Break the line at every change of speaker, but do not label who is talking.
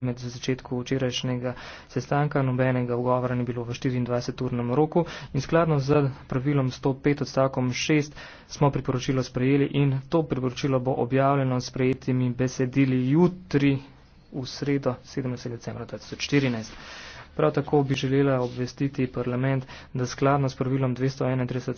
med začetku včerajšnjega sestanka, nobenega ugovora ni bilo v 24-urnem roku in skladno z pravilom 105 odstavkom 6 smo priporočilo sprejeli in to priporočilo bo objavljeno s prejetimi besedili jutri v sredo 17. decembra 2014. Prav tako bi želela obvestiti parlament, da skladno s pravilom 231.